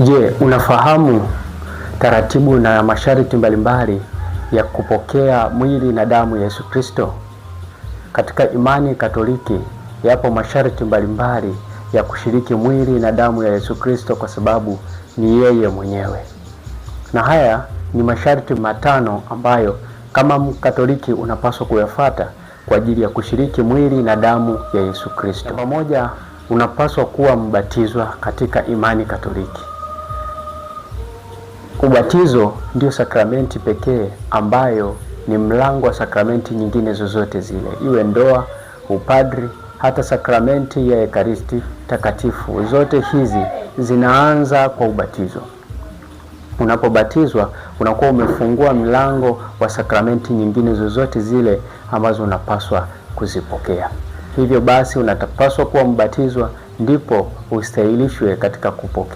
Je, unafahamu taratibu na masharti mbalimbali ya kupokea mwili na damu ya Yesu Kristo? Katika imani Katoliki yapo masharti mbalimbali ya kushiriki mwili na damu ya Yesu Kristo kwa sababu ni yeye mwenyewe. Na haya ni masharti matano ambayo kama Mkatoliki unapaswa kuyafata kwa ajili ya kushiriki mwili na damu ya Yesu Kristo. Pamoja, unapaswa kuwa mbatizwa katika imani Katoliki. Ubatizo ndio sakramenti pekee ambayo ni mlango wa sakramenti nyingine zozote zile, iwe ndoa, upadri, hata sakramenti ya Ekaristi Takatifu. Zote hizi zinaanza kwa ubatizo. Unapobatizwa unakuwa umefungua mlango wa sakramenti nyingine zozote zile ambazo unapaswa kuzipokea. Hivyo basi, unapaswa kuwa mbatizwa ndipo ustahilishwe katika kupokea